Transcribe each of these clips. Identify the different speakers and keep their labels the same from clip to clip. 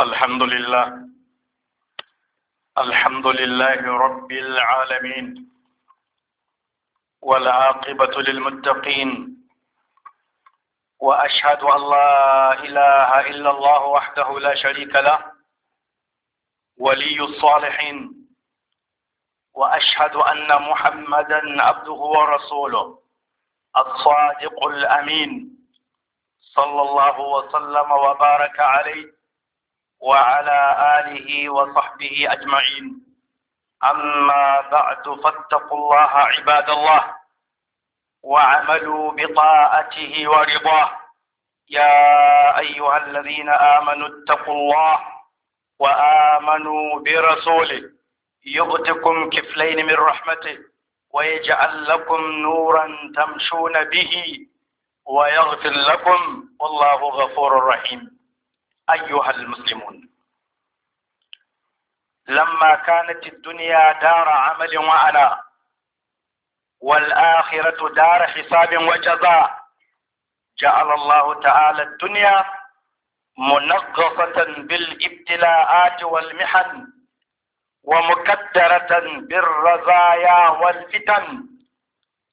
Speaker 1: الحمد لله الحمد لله رب العالمين والعاقبة للمتقين وأشهد أن لا إله إلا الله وحده لا شريك له ولي الصالحين وأشهد أن محمدا عبده ورسوله الصادق الأمين صلى الله وسلم وبارك عليه وعلى آله وصحبه أجمعين أما بعد فاتقوا الله عباد الله وعملوا بطاعته ورضاه يا أيها الذين آمنوا اتقوا الله وآمنوا برسوله يؤتكم كفلين من رحمته ويجعل لكم نورا تمشون به ويغفر لكم والله غفور رحيم أيها المسلمون لما كانت الدنيا دار عمل وعناء والآخرة دار حساب وجزاء جعل الله تعالى الدنيا منغصة بالابتلاءات والمحن ومكدرة بالرزايا والفتن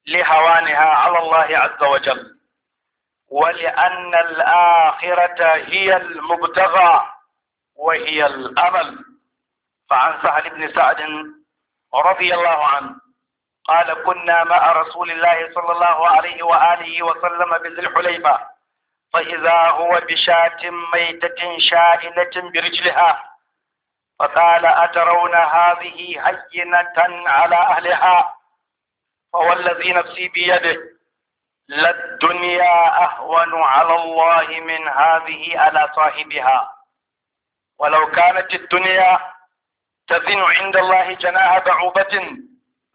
Speaker 1: لهوانها على الله عز وجل ولأن الآخرة هي المبتغى وهي الأمل فعن سهل بن سعد رضي الله عنه قال كنا مع رسول الله صلى الله عليه وآله وسلم بذي الحليبة فإذا هو بشاة ميتة شائنة برجلها فقال أترون هذه هينة على أهلها فوالذي نفسي بيده
Speaker 2: للدنيا
Speaker 1: أهون على الله من هذه على صاحبها ولو كانت الدنيا تزن عند الله جناح بعوبة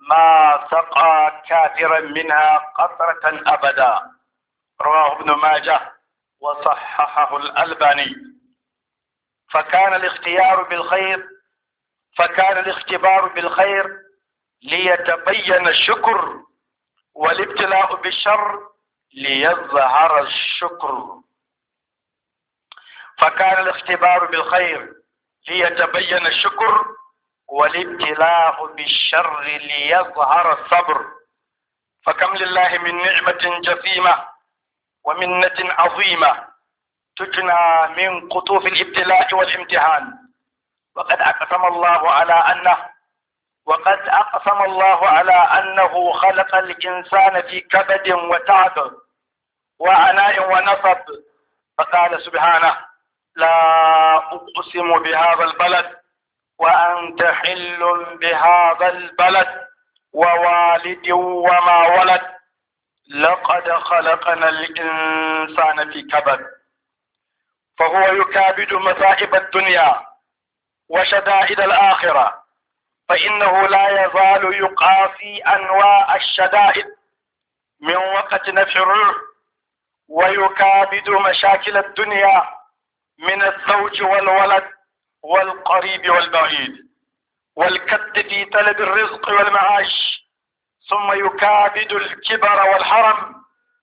Speaker 1: ما سقى كافرا منها قطرة أبدا رواه ابن ماجه وصححه الألباني فكان الاختيار بالخير فكان الاختبار بالخير ليتبين الشكر والابتلاء بالشر ليظهر الشكر فكان الاختبار بالخير ليتبين الشكر والابتلاء بالشر ليظهر الصبر فكم لله من نعمة جسيمة ومنة عظيمة تجنى من قطوف الابتلاء والامتحان وقد أقسم الله على أنه وقد أقسم الله على أنه خلق الإنسان في كبد وتعب وعناء ونصب فقال سبحانه لا أقسم بهذا البلد وأنت حل بهذا البلد ووالد وما ولد لقد خلقنا الإنسان في كبد فهو يكابد مصائب الدنيا وشدائد الآخرة فإنه لا يزال يقاسي أنواع الشدائد من وقت نفع الروح ويكابد مشاكل الدنيا من الزوج والولد والقريب والبعيد والكد في طلب الرزق والمعاش ثم يكابد الكبر والحرم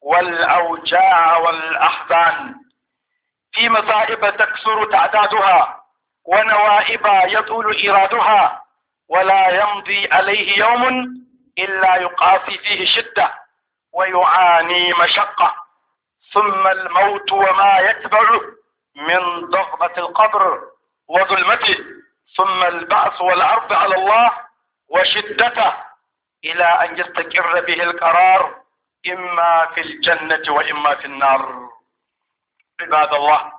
Speaker 1: والأوجاع والأحزان في مصائب تكثر تعدادها ونوائب يطول إيرادها ولا يمضي عليه يوم إلا يقاسي فيه شدة ويعاني مشقة ثم الموت وما يتبعه من ضغبة القبر وظلمته ثم البعث والعرض على الله وشدته إلى أن يستقر به القرار إما في الجنة وإما في النار عباد الله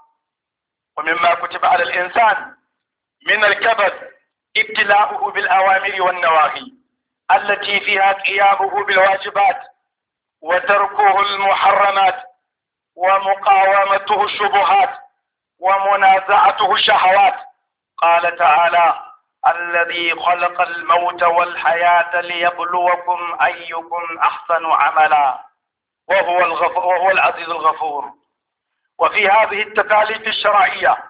Speaker 1: ومما كتب على الإنسان من الكبد ابتلاؤه بالأوامر والنواهي التي فيها قيامه بالواجبات وتركه المحرمات ومقاومته الشبهات ومنازعته الشهوات قال تعالى الذي خلق الموت والحياة ليبلوكم أيكم أحسن عملا وهو, الغفور وهو العزيز الغفور وفي هذه التكاليف الشرعية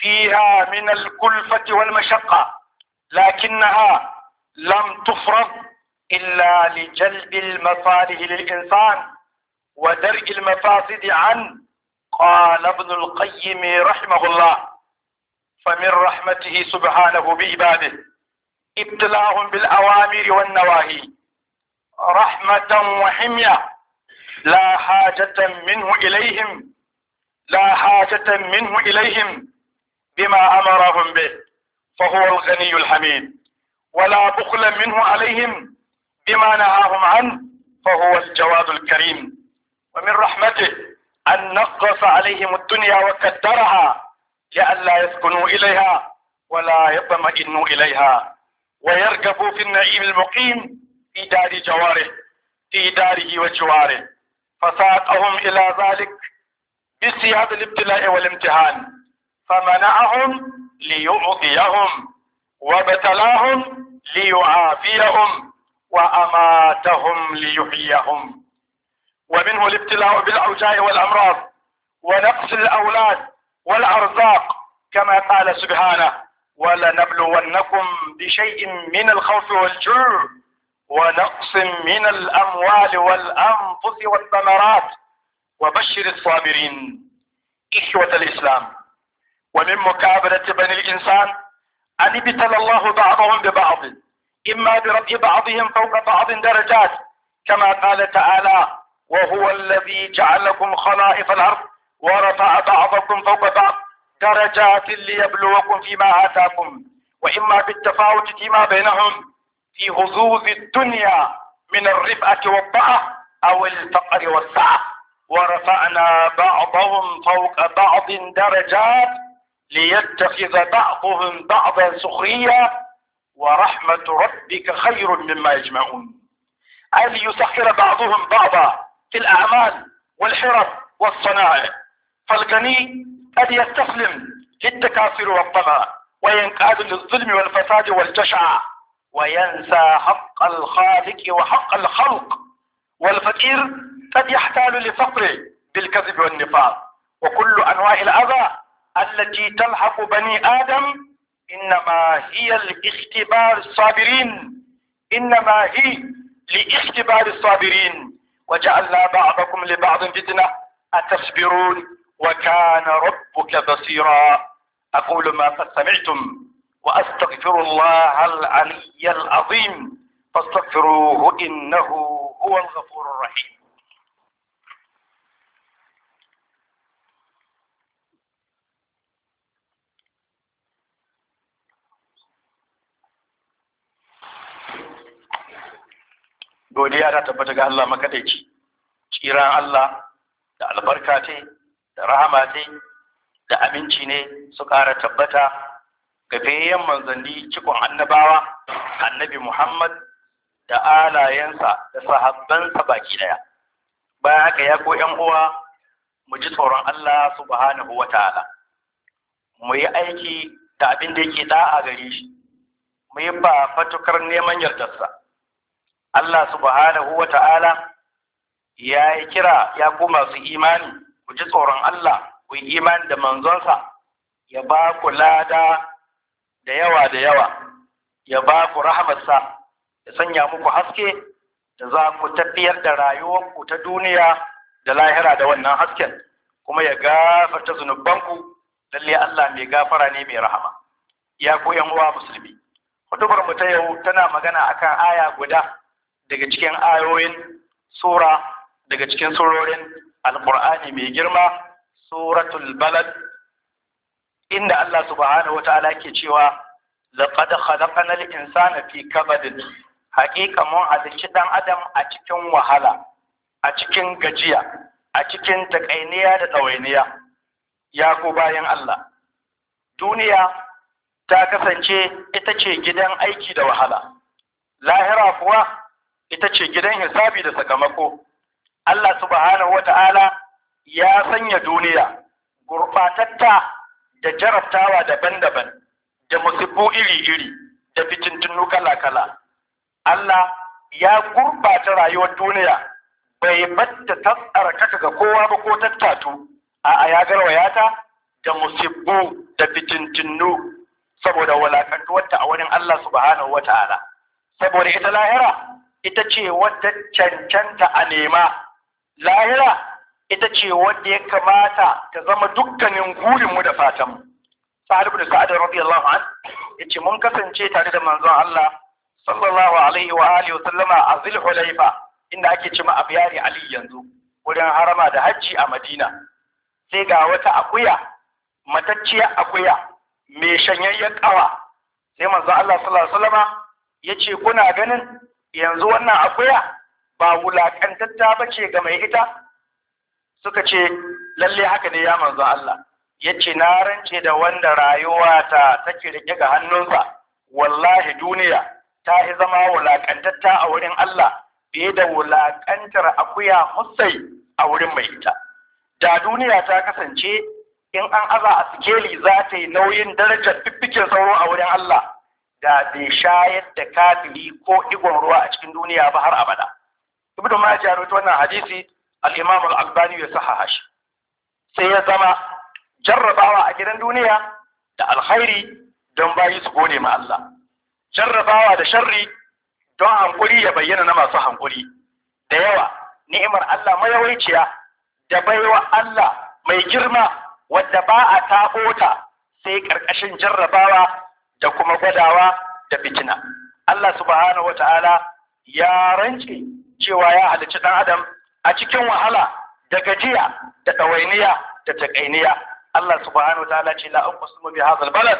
Speaker 1: فيها من الكلفة والمشقة لكنها لم تفرض إلا لجلب المصالح للإنسان ودرء المفاسد عنه قال ابن القيم رحمه الله فمن رحمته سبحانه بعباده ابتلاهم بالأوامر والنواهي رحمة وحمية لا حاجة منه إليهم لا حاجة منه إليهم بما أمرهم به فهو الغني الحميد ولا بخل منه عليهم بما نهاهم عنه فهو الجواد الكريم ومن رحمته أن نقص عليهم الدنيا وكدرها لئلا يسكنوا إليها ولا يطمئنوا إليها ويركبوا في النعيم المقيم في دار جواره في داره وجواره فساقهم إلى ذلك بسياق الابتلاء والامتحان فمنعهم ليعطيهم وابتلاهم ليعافيهم وأماتهم ليحييهم ومنه الابتلاء بالأوجاع والأمراض ونقص الأولاد والأرزاق كما قال سبحانه ولنبلونكم بشيء من الخوف والجوع ونقص من الأموال والأنفس والثمرات وبشر الصابرين إخوة الإسلام ومن مكابرة بني الإنسان أن ابتلى الله بعضهم ببعض إما برفع بعضهم فوق بعض درجات كما قال تعالى وهو الذي جعلكم خلائف الأرض ورفع بعضكم فوق بعض درجات ليبلوكم فيما آتاكم وإما بالتفاوت فيما بينهم في هزوز الدنيا من الرفعة والضعة أو الفقر والسعة ورفعنا بعضهم فوق بعض درجات ليتخذ بعضهم بعضا سخريا ورحمة ربك خير مما يجمعون أن يسخر بعضهم بعضا في الأعمال والحرف والصنائع فالغني قد يستسلم للتكاثر والطمع وينقاد للظلم والفساد والجشع وينسى حق الخالق وحق الخلق والفقير قد يحتال لفقره بالكذب والنفاق وكل أنواع الأذى التي تلحق بني آدم إنما هي لاختبار الصابرين إنما هي لاختبار الصابرين وجعلنا بعضكم لبعض فتنة أتصبرون وكان ربك بصيرا أقول ما قد سمعتم وأستغفر الله العلي العظيم فاستغفروه إنه هو الغفور الرحيم godiya ta tabbata ga Allah makadaici tsira Allah da albarka ce da rahama ce da aminci ne su ƙara tabbata ga bayan manzanni cikon annabawa annabi Muhammad da alayensa da sahabbansa baki daya bayan haka ya ko yan uwa mu ji tsoron Allah subhanahu wataala mu yi aiki da abin da yake da'a gare shi mu yi ba fatukar neman yardarsa Allah subhanahu wa ta'ala ya yi kira ya ku masu imani ku ji tsoron Allah ku yi imani da manzonsa ya ba ku lada da yawa da yawa ya ba ku rahamarsa ya sanya muku haske da za ku tafiyar da rayuwarku ta duniya da lahira da wannan hasken kuma ya gafarta zunubanku lalle Allah mai gafara ne mai rahama ya ku yan uwa musulmi hudubar mu ta yau tana magana akan aya guda daga cikin ayoyin sura daga cikin surorin alkur'ani mai girma suratul balad inda Allah subhanahu ke cewa laqad khalaqna al-insana fi kabadin haƙiƙa mun halicci dan adam a cikin wahala a cikin gajiya a cikin takainiya da tsawainiya, ya ku bayan Allah duniya ta kasance ita ce gidan aiki da wahala lahira kuwa ita ce gidan hisabi da sakamako Allah subhanahu wata'ala ya sanya duniya gurɓatatta da jarabtawa daban-daban da musibbu iri-iri da fitintunu kala-kala Allah ya gurbata rayuwar duniya bai batta tasarkaka ga kowa ba ko tattatu a ya garwaya ta da musibbu da fitintunu saboda walakantuwarta a wurin Allah subhanahu wata'ala saboda ita lahira ita ce wadda cancanta a nema lahira ita ce wadda ya kamata ta zama dukkanin gurinmu da fatanmu sa'ad bin sa'ad radiyallahu an ce mun kasance tare da manzon Allah sallallahu alaihi wa alihi wa sallama a Zulhulaifa inda ake ce ma abiyari Ali yanzu wurin harama da hajji a Madina sai ga wata akuya matacciya akuya mai shanyayyen kawa sai manzon Allah sallallahu alaihi wa sallama ce kuna ganin yanzu wannan akuya ba wulaƙantatta ba ce ga mai ita suka ce lalle haka ne ya manzo Allah ya ce na rance da wanda rayuwa ta take rike ga hannunsa wallahi duniya ta yi zama wulaƙantatta a wurin Allah fiye da wulaƙantar akuya hussai a wurin mai ita da duniya ta kasance in an aza a sikeli za ta yi nauyin darajar fiffikin sauro a wurin Allah da bai shayar da kafiri ko digon ruwa a cikin duniya ba har abada ibnu majah rawaito wannan hadisi al-imam al-albani ya sahaha shi sai ya zama jarrabawa a gidan duniya da alkhairi don bayi su gode ma Allah jarrabawa da sharri don hankuri ya bayyana na masu hankuri da yawa ni'imar Allah mayawaiciya da baiwa Allah mai girma wadda ba a taɓo ta sai ƙarƙashin jarrabawa da kuma gwadawa da fitina Allah subhanahu Ta'ala ya rance cewa ya halicci ɗan adam a cikin wahala da gajiya da ɗawainiya da takainiya Allah subhanahu Ta'ala ce la sumu bi hazal balad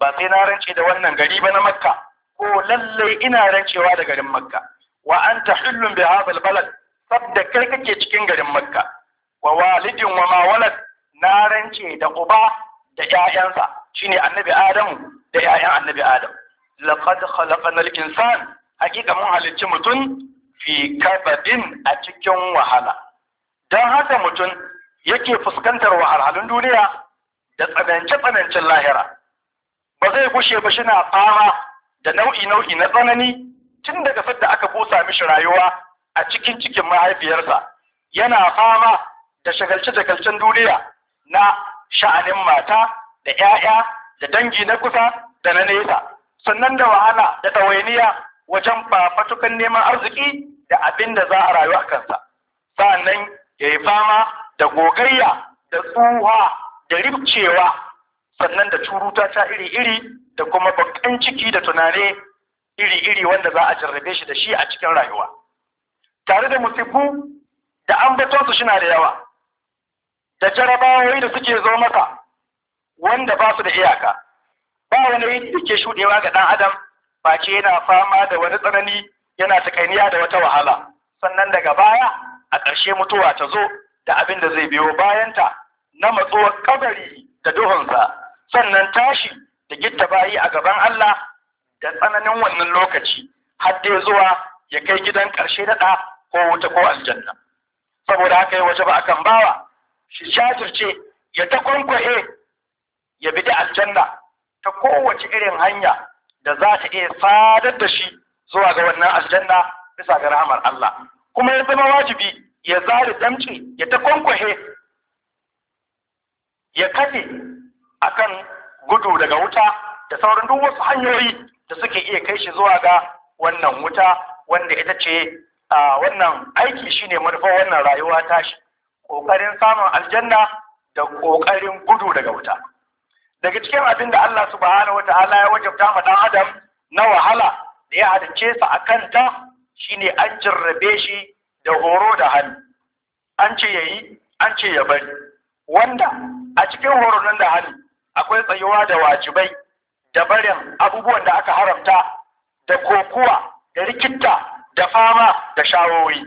Speaker 1: ba sai na rance da wannan gari ba na Makka ko lallai ina rancewa da garin Makka wa anta hillun bi hadha balad da kai kake cikin garin Makka wa walidin wa ma walad na rance da uba da yayansa shine annabi Adamu da 'ya'yan annabi adam laqad khalaqna al-insan hakika mun halicci mutum fi kabadin a cikin wahala dan haka mutum yake fuskantar wahalhalun duniya da tsanance-tsanancen lahira ba zai gushe ba shi na fama da nau'i-nau'i na tsanani tun daga da aka busa mishi rayuwa a cikin cikin mahaifiyarsa yana fama da shagalce-shagalcen duniya na sha'anin mata da 'ya'ya da dangi na kusa da na nesa sannan da wahala da tsawainiya wajen fafatukan neman arziki da abin da za a rayu a kansa nan ya yi fama da gogayya da tsuwa da rikcewa. sannan da curuta ta iri-iri da kuma bakan ciki da tunane iri-iri wanda za a jarrabe shi da shi a cikin rayuwa tare da musibu da ambatonsu suna da yawa da jarabawoyi da suke zo maka wanda ba su da iyaka ba wani da ke shuɗewa ga ɗan adam face yana fama da wani tsanani yana takainiya da wata wahala sannan daga baya a ƙarshe mutuwa ta zo da abin da zai biyo bayanta na matsuwar kabari da duhunsa sannan tashi da gitta bayi a gaban Allah da tsananin wannan lokaci har dai zuwa ya kai gidan ƙarshe daɗa ko wuta ko aljanna saboda haka ya waje ba akan bawa shi ce ya ta kwankwaye ya bi aljanna ta kowace irin hanya da za ta iya sadar da shi zuwa ga wannan aljanna bisa ga rahamar Allah kuma ya zama wajibi ya zari damci ya ta kwankwahe ya kafe akan gudu daga wuta da sauran duk wasu hanyoyi da suke iya kai shi zuwa ga wannan wuta wanda ita ce a wannan aiki shine manufar wannan rayuwa tashi ƙoƙarin samun aljanna da ƙoƙarin gudu daga wuta daga cikin abin da Allah subhanahu ta'ala ya wajabta ma dan adam na wahala da ya halicce sa akan ta shine an jarrabe shi da horo da hannu an ce yayi an ce ya bari wanda a cikin horonan da hannu akwai tsayuwa da wajibai da barin abubuwan da aka haramta da kokuwa da rikitta da fama da shawoyi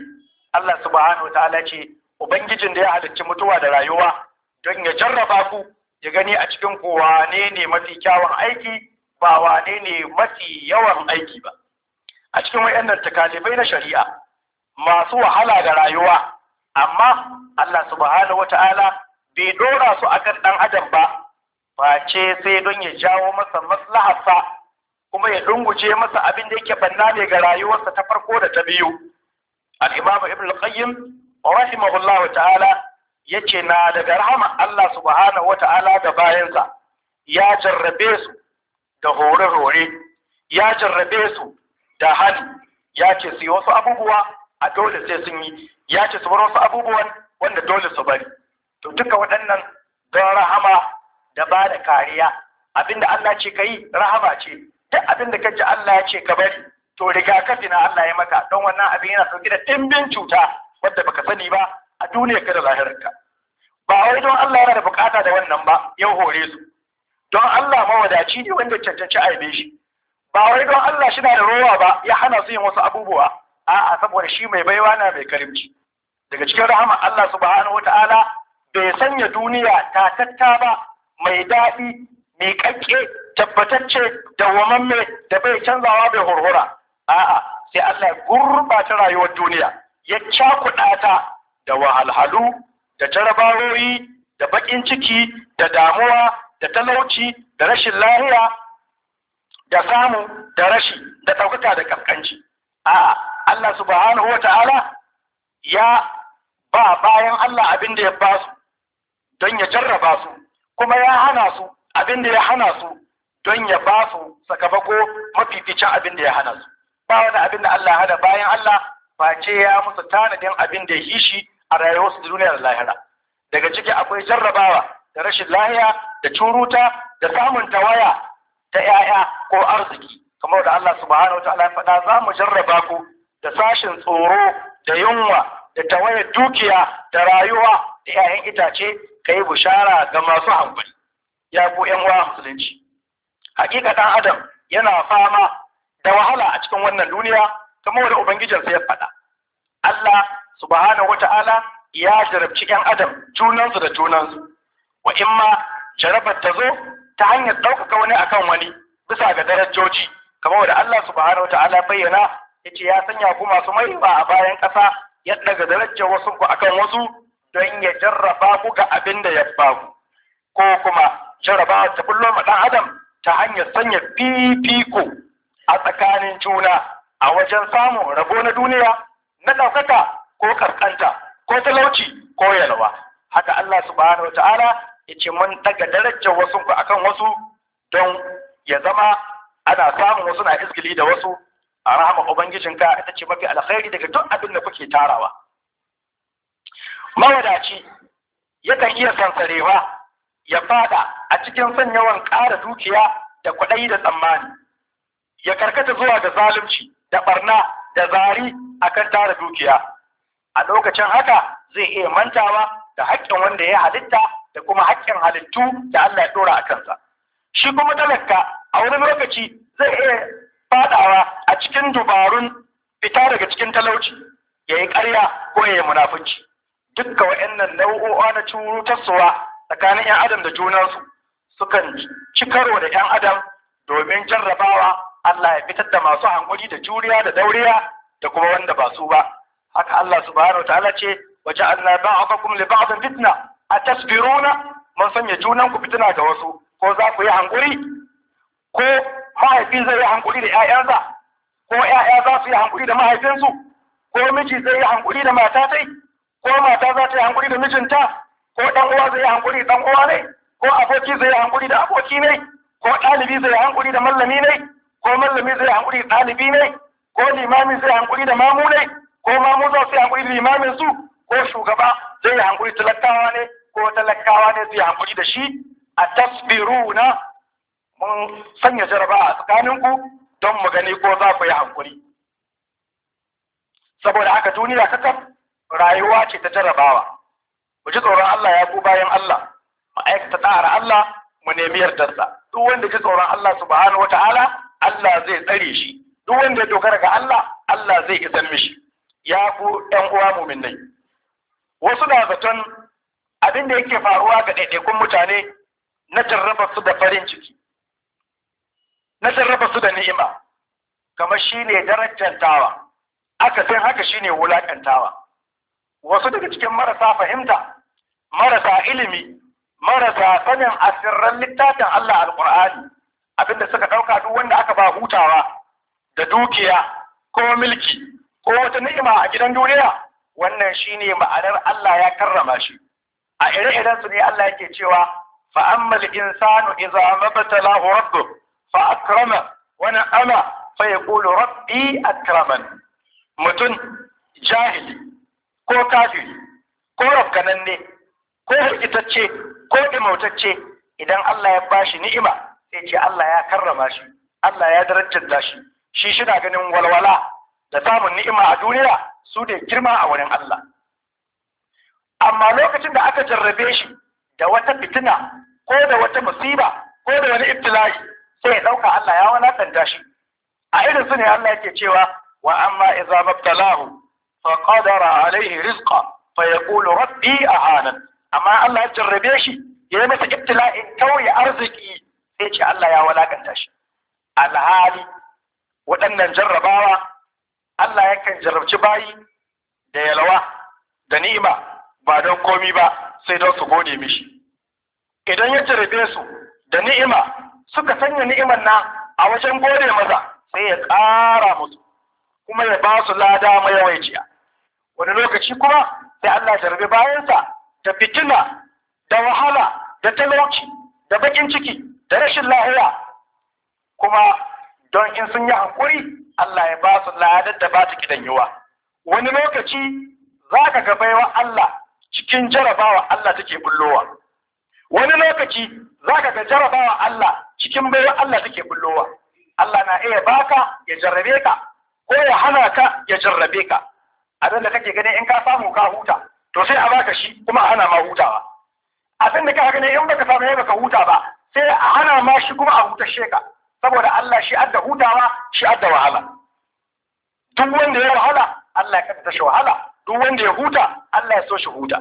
Speaker 1: Allah subhanahu ta'ala ce ubangijin da ya halicci mutuwa da rayuwa don ya jarraba ku ya gani a cikin ku wane ne mafi kyawun aiki ba wane ne mafi yawan aiki ba a cikin wayannan takalibai na shari'a masu wahala da rayuwa amma Allah subhanahu wata'ala bai dora su akan dan adam ba face sai don ya jawo masa maslaharsa kuma ya dunguje masa abin da yake banna ne ga rayuwarsa ta farko da ta biyu al-imam ibn al-qayyim rahimahullahu ta'ala yace na daga rahama Allah subhanahu wata'ala da bayansa ya jarrabe su da hore-hore ya jarrabe su da hali ya ce su yi wasu abubuwa a dole sai sun yi ya ce su bar wasu abubuwan wanda dole su bari to duka waɗannan don rahama da ba da kariya abinda Allah ce ka yi rahama ce duk abinda ka ji Allah ya ce ka bari to rigakafi na Allah ya maka don wannan abin yana sauke da ɗimbin cuta wadda baka sani ba a duniya ka da lahirarka ba wai don Allah yana da bukata da wannan ba Yau hore su don Allah mawadaci ne wanda cancanci aibe shi ba wai don Allah shi na da rowa ba ya hana su yin wasu abubuwa a'a saboda shi mai baiwa na mai karimci daga cikin rahama Allah subhanahu wataala bai sanya duniya ta tatta ba mai daɗi mai kakke tabbatacce wamamme da bai canzawa bai hurhura a'a sai Allah ya gurbata rayuwar duniya ya cakuɗa ta da wahalhalu da jarabawoyi da baƙin ciki da damuwa da talauci da rashin lahiya da samu da rashi da ɗaukaka da ƙasƙanci a'a Allah subhanahu wa ta'ala ya ba bayan Allah abin da ya ba su don ya jarraba su kuma ya hana su abin da ya hana su don ya ba su sakamako mafificin abin da ya hana su ba wani abin da Allah hada bayan Allah face ya musu tanadin abin da ya yi shi a rayuwarsu duniya da lahira daga ciki akwai jarrabawa da rashin lahiya da curuta da samun tawaya ta 'ya'ya ko arziki kamar da Allah subhanahu wa ta'ala ya faɗa za mu jarraba ku da sashin tsoro da yunwa da tawayar dukiya da rayuwa da 'ya'yan itace ka yi bushara ga masu hankali ya ku 'yan uwa musulunci hakika ɗan adam yana fama da wahala a cikin wannan duniya kamar da ubangijinsa ya faɗa Allah subhanahu wata'ala ya jarabci yan adam junansu da junansu wa ma jarabar ta zo ta hanyar ɗaukaka wani akan wani bisa ga darajoji kamar da Allah subhanahu wata'ala bayyana yace ya sanya ku masu maiwa a bayan ƙasa ya daga darajar wasu ku akan wasu don ya jarraba ku ga abin da ya ba ku ko kuma jarraba ta bullo ma dan adam ta hanyar sanya fifiko a tsakanin juna a wajen samun rabo na duniya na ɗaukaka ko ƙasƙanta, ko talauci ko yalwa haka Allah subhanahu wataala yace mun daga darajar wasu ku akan wasu don ya zama ana samun wasu na iskili da wasu a rahama ubangijinka ita ce mafi alkhairi daga duk abin da kuke tarawa mawadaci yakan iya sansarewa ya fada a cikin son yawan ƙara dukiya da kwaɗayi da tsammani ya karkata zuwa ga zalunci da barna da zari akan tara dukiya a lokacin haka zai iya mantawa da haƙƙin wanda ya halitta da kuma haƙƙin halittu da Allah ya ɗora a kansa shi kuma talaka a wani lokaci zai iya faɗawa a cikin dubarun fita daga cikin talauci ya yi ƙarya ko ya yi munafunci dukkan waɗannan nau'o'a na cutarsuwa tsakanin 'yan adam da junansu sukan ci karo da 'yan adam domin jarrabawa Allah ya fitar da masu hankuli da juriya da dauriya da kuma wanda ba su ba haka Allah subhanahu ta'ala ce waja'alna ba'dakum li ba'din fitna na mun sanya junan ku fitina ga wasu ko za ku yi hankuri ko mahaifi zai yi hankuri da ƴaƴansa ko ƴaƴa za su yi hankuri da mahaifinsu ko miji zai yi hankuri da mata tai ko mata za ta yi hankuri da mijinta ko dan uwa zai yi hankuri dan uwa ne ko aboki zai yi hankuri da aboki ne ko ɗalibi zai yi hankuri da mallami ne ko mallami zai yi hankuri da ɗalibi ne ko limami zai yi hankuri da mamu ne ko ma mu za su hankuri limamin su ko shugaba zai yi hankuri talakawa ne ko talakawa ne zai hankuri da shi a tasbiru na mun sanya jaraba a tsakaninku don mu gani ko za ku yi hankuri saboda haka duniya kakaf rayuwa ce ta jarabawa mu ji tsoron Allah ya ku bayan Allah mu aikata tsara Allah mu nemi yardarsa duk wanda ji tsoron Allah subhanahu wataala Allah zai tsare shi duk wanda ya dogara ga Allah Allah zai isan mishi ya ku ɗan uwa muminai wasu na zaton abin da yake faruwa ga ɗaiɗaikun mutane na jarraba su da farin ciki na jarraba su da ni'ima kamar ne darajantawa san haka shi ne wulaƙantawa. wasu daga cikin marasa fahimta marasa ilimi marasa sanin asirran littafin Allah alƙur'ani abinda suka ɗauka duk wanda aka ba hutawa da dukiya ko milki ko wata ni'ima a gidan duniya wannan shine ma'anar Allah ya karrama shi a ire-iren su ne Allah yake cewa fa ammal insanu idza mabtalahu rabbu fa akrama wa na'ama fa yaqulu rabbi akraman mutum jahili ko kafiri ko rafkananne ko hirgitacce ko imautacce idan Allah ya bashi ni'ima sai ce Allah ya karrama shi Allah ya da shi shi shina ganin walwala da samun ni'ima a duniya su ne girma a wurin Allah amma lokacin da aka jarrabe shi da wata fitina ko da wata musiba ko da wani ibtila'i sai ya ɗauka Allah ya wulakanta shi a irin su ne Allah yake cewa wa amma idza mabtalahu fa qadara alaihi rizqa fa yaqulu rabbi ahanan amma Allah ya jarrabe shi ya yi masa ibtila'in tauye arziki sai ce Allah ya wulakanta shi alhali waɗannan jarrabawa Allah yakan jarabci bayi da yalwa da ni'ima ba don komi ba sai don su gode mishi idan ya jarabe su da ni'ima suka sanya ni'imar na a wajen gode maza sai ya ƙara musu kuma ya ba su lada yawaiciya. wani lokaci kuma sai Allah jarabe bayansa da fitina da wahala da talauci da bakin ciki da rashin lahiya kuma don in sun yi hankuri Allah ya ba su ladar da ba ta gidan yiwa wani lokaci za ka ga baiwa Allah cikin jarabawa Allah take bullowa wani lokaci za ka ga jarabawa Allah cikin baiwa Allah take bullowa Allah na iya baka ya jarrabe ka ko ya hana ka ya jarrabe ka Abinda kake gani in ka samu ka huta to sai a baka shi kuma a hana ma hutawa abin da ka gani in baka samu ya baka huta ba sai a hana ma shi kuma a hutashe ka saboda Allah shi adda hutawa shi adda wahala duk wanda ya wahala Allah ya kasa shi wahala duk wanda ya huta Allah ya so shi huta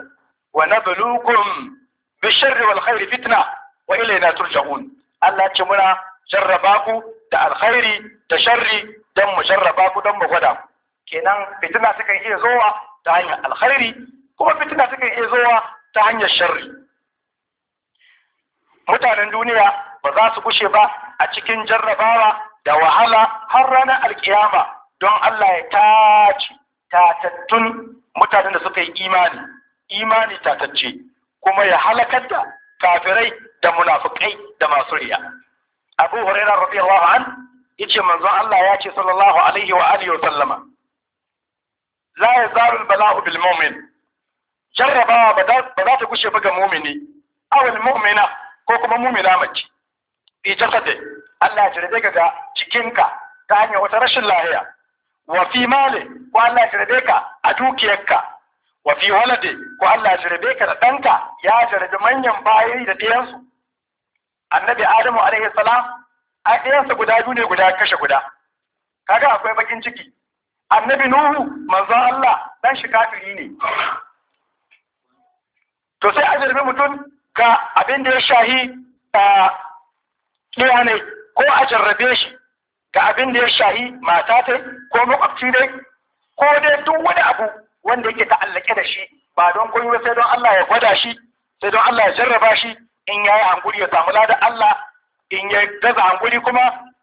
Speaker 1: wa nabluukum bisharri wal khairi fitna wa ilayna turja'un Allah ya ce muna jarraba ku da alkhairi da sharri dan mu jarraba ku dan mu gwada kenan fitna takan iya zowa ta hanyar alkhairi kuma fitna sukan iya zowa ta hanyar sharri mutanen duniya ba za su gushe ba a cikin jarrabawa da wahala har ranar alkiyama don Allah ya taci tatattun mutanen da suka yi imani imani tatacce kuma ya halakar da kafirai da munafukai da masu riya Abu Hurairah radiyallahu an yace manzon Allah ya ce sallallahu alaihi wa alihi wa sallama la yazalu al-bala'u bil mu'min jarrabawa ba za ta gushe ba ga mu'mini aw al-mu'mina ko kuma mumina mace fi jasadin Allah ya jirbe ka da ta hanyar wata rashin lahiya wa fi malin ko Allah ya ka a dukiyarka wa fi walade ko Allah ya ka da ɗanka ya jirbi manyan bayi da ɗayansu. annabi Adamu alaihi salam a ɗiyansa guda biyu ne guda kashe guda kaga akwai bakin ciki annabi Nuhu manzon Allah dan shi kafiri ne to sai a jirbi mutum ga abin da ya shahi a ɗaya ne ko a jarrabe shi ga abin da ya shahi mata ta ko makwabci dai ko dai duk wani abu wanda yake ta'allake da shi ba don koyi ba sai don Allah ya gwada shi sai don Allah ya jarraba shi in ya yi hankuri ya samu ladan Allah in ya gaza hankuri kuma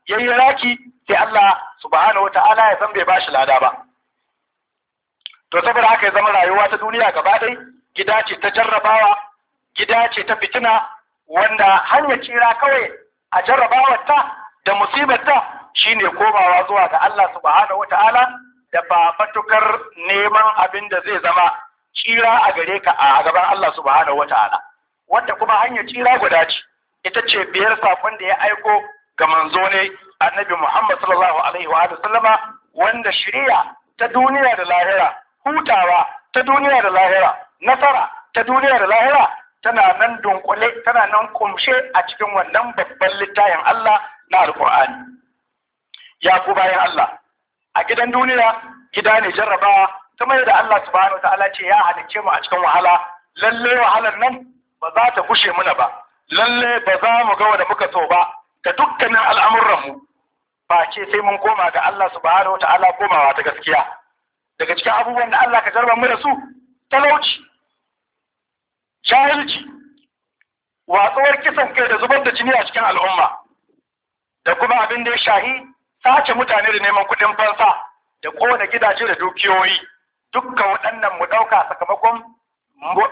Speaker 1: ya yi raki sai Allah subhanahu wa ta'ala ya san bai ba shi lada ba to saboda haka ya zama rayuwa ta duniya gaba ɗaya gida ce ta jarrabawa gida ce ta fitina wanda hanyar tsira kawai a jarrabawarta da musibarta shine komawa zuwa ga Allah subhanahu wataala da ba matukar neman abin da zai zama tsira a gare ka a gaban Allah subhanahu wataala wanda kuma hanyar tsira guda ce ita ce biyar saƙon da ya aiko ga manzo ne annabi Muhammad sallallahu wanda shirya ta duniya da lahira hutawa ta duniya da lahira nasara ta duniya da lahira tana nan dunkule tana nan kumshe a cikin wannan babban littafin Allah na alkur'ani ya ku bayan Allah a gidan duniya gida ne jarrabawa kamar da Allah subhanahu wa ta'ala ce ya halicce mu a cikin wahala lalle wahalar nan ba za ta gushe muna ba lalle ba za mu ga wanda muka so ba da dukkanin al'amuran mu ba ce sai mun koma ga Allah subhanahu wa ta'ala komawa ta gaskiya daga cikin abubuwan da Allah ka jarba mu da su talauci jahilci watsuwar kisan kai da zubar da jini a cikin al'umma da kuma abin da ya shahi sace mutane da neman kuɗin fansa da kowane gidaje da dukiyoyi dukkan waɗannan mu ɗauka sakamakon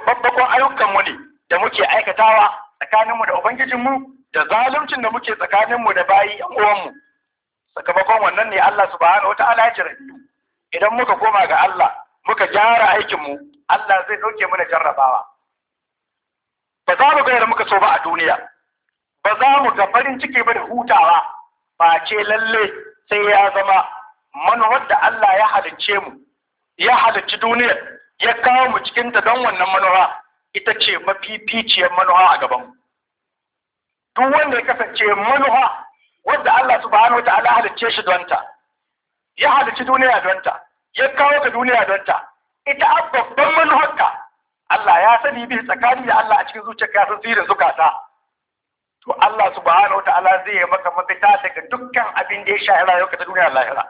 Speaker 1: babbakon ayyukanmu ne da muke aikatawa tsakaninmu da ubangijinmu da zaluncin da muke tsakaninmu da bayi yan uwanmu sakamakon wannan ne Allah subhanahu wataala ya jira idan muka koma ga Allah muka gyara aikinmu Allah zai ɗauke da jarrabawa ba za mu gaira da muka so ba a duniya ba za mu ga farin ciki ba da hutawa ba ce lalle sai ya zama manuwar da Allah ya halicce mu ya halicci duniya ya kawo mu cikin ta don wannan manuwa ita ce mafificiyar manuwa a gaban duk wanda ya kasance manuwa wadda Allah subhanahu wata'ala halicce shi don ta ya halicci duniya don ta ya kawo ka duniya don ta ita babban ka. Allah ya sani bi tsakani da Allah a cikin zuciyarka ya san sirrin zukata to Allah subhanahu wataala zai yi maka mafita daga dukkan abin da ya sha shahi yau ka duniya lahira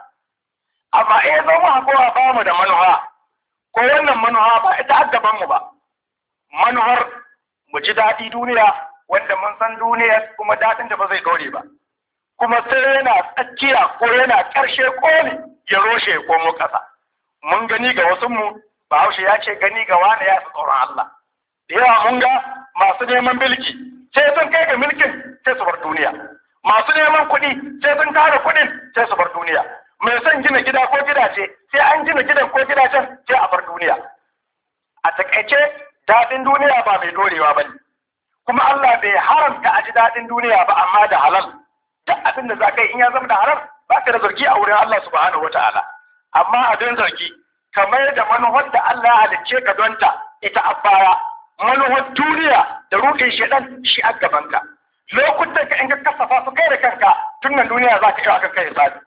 Speaker 1: amma eh zo mu hakowa ba mu da manuha ko wannan manuha ba ita addaban mu ba manuhar mu ji daɗi duniya wanda mun san duniyar kuma daɗin da ba zai dore ba kuma sai yana tsakiya ko yana ƙarshe ko ya roshe ko mu ƙasa mun gani ga wasu mu bahaushe ya ce gani ga wani ya fi tsoron Allah da yawa mun ga masu neman milki sai sun kai ga milkin sai su bar duniya masu neman kuɗi sai sun tara kuɗin sai su bar duniya mai son gina gida ko gidace sai an gina gidan ko gidacen sai a bar duniya a taƙaice, daɗin duniya ba mai dorewa ba ne kuma Allah bai haramta a ji daɗin duniya ba amma da halal duk abin da za ka yi in ya zama da halal, ba ka da zargi a wurin Allah subhanahu wa ta'ala amma abin zargi kamar da manuhar da Allah ya halicce ka don ta ita a baya manuhar duniya da ruɗin shaɗan shi a gaban ka lokutan ka in ka kasafa su kai da kanka tun nan duniya za ka iya akan kai zabi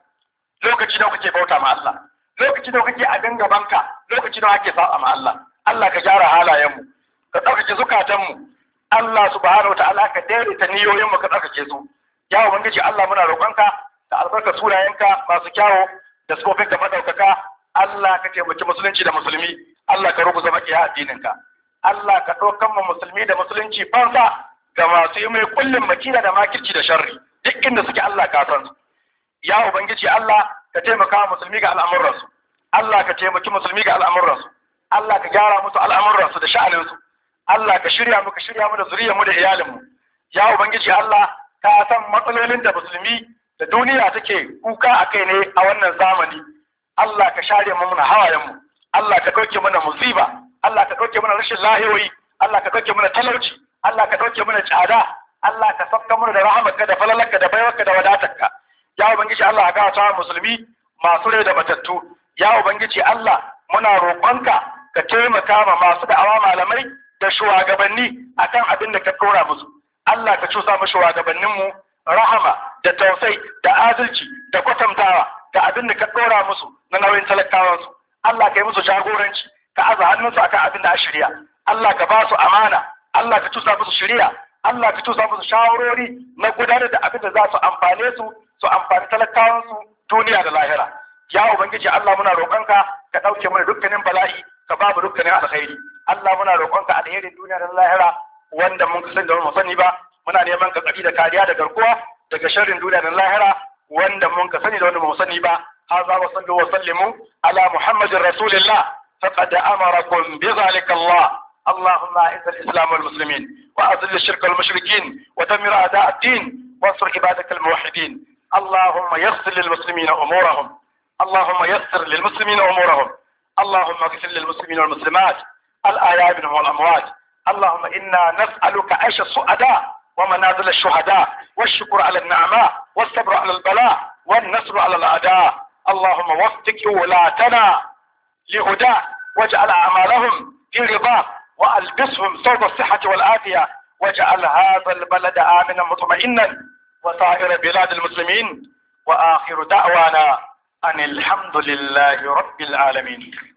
Speaker 1: lokaci da kake bauta ma Allah lokaci da kake abin gaban ka lokaci da kake saba ma Allah Allah ka gyara halayen mu ka tsarkake zukatan mu Allah subhanahu wataala ka ta niyoyin mu ka tsarkake su ya ubangiji Allah muna roƙonka da albarka sunayenka masu kyawo da sufofin da madaukaka Allah ka taimaki musulunci da musulmi Allah ka ruguza makiya addinin ka Allah ka ɗaukan mu musulmi da musulunci fansa ga masu yi mai kullum makina da makirci da sharri duk inda suke Allah ka san su ya ubangiji Allah ka taimaka musulmi ga su. Allah ka taimaki musulmi ga su. Allah ka gyara musu su da su. Allah ka shirya mu ka shirya mu da zuriyar mu da iyalin mu ya ubangiji Allah ka san matsalolin da musulmi da duniya take kuka akai ne a wannan zamani Allah ka share mu muna hawayen mu Allah ka dauke mana musiba Allah ka dauke mana rashin lahiyoyi Allah ka dauke mana talauci Allah ka dauke mana tsada Allah ka sauka mana da rahamarka da falalarka da baiwarka da wadatarka ya ubangiji Allah ka gafarta musulmi masu rai da matattu ya ubangiji Allah muna roƙonka ka taimaka ma masu awa malamai da shugabanni akan abin da ka kora musu Allah ka cusa mu shugabanninmu rahama da tausai da adalci da kwatantawa ga abin da ka ɗora musu na nauyin talakawansu Allah ka yi musu jagoranci ka aza hannunsu akan abin da a shirya Allah ka ba su amana Allah ka tusa musu shirya Allah ka tusa musu shawarori na gudanar da abin da za su amfane su su amfani talakawansu duniya da lahira ya ubangiji Allah muna roƙonka ka ɗauke mana dukkanin bala'i ka ba mu dukkanin alkhairi Allah muna roƙonka alherin duniya da lahira wanda mun san da mu sani ba muna neman ka tsari da kariya da garkuwa daga sharrin duniya da lahira wanda mun ka sani da wanda mun sani ba hadha wa sallu wa sallimu ala muhammadin rasulillah faqad amarakum bi zalika allah اللهم اعز الاسلام والمسلمين واذل الشرك والمشركين ودمر اعداء الدين وانصر عبادك الموحدين اللهم يسر للمسلمين امورهم اللهم يسر للمسلمين امورهم اللهم اغفر للمسلمين والمسلمات الايام والاموات اللهم انا نسالك عيش السعداء ومنازل الشهداء والشكر على النعماء والصبر على البلاء والنصر على الأعداء اللهم وفق ولاتنا لهدى واجعل أعمالهم في رضا وألبسهم ثوب الصحة والعافية واجعل هذا البلد آمنا مطمئنا وسائر بلاد المسلمين وآخر دعوانا أن الحمد لله رب العالمين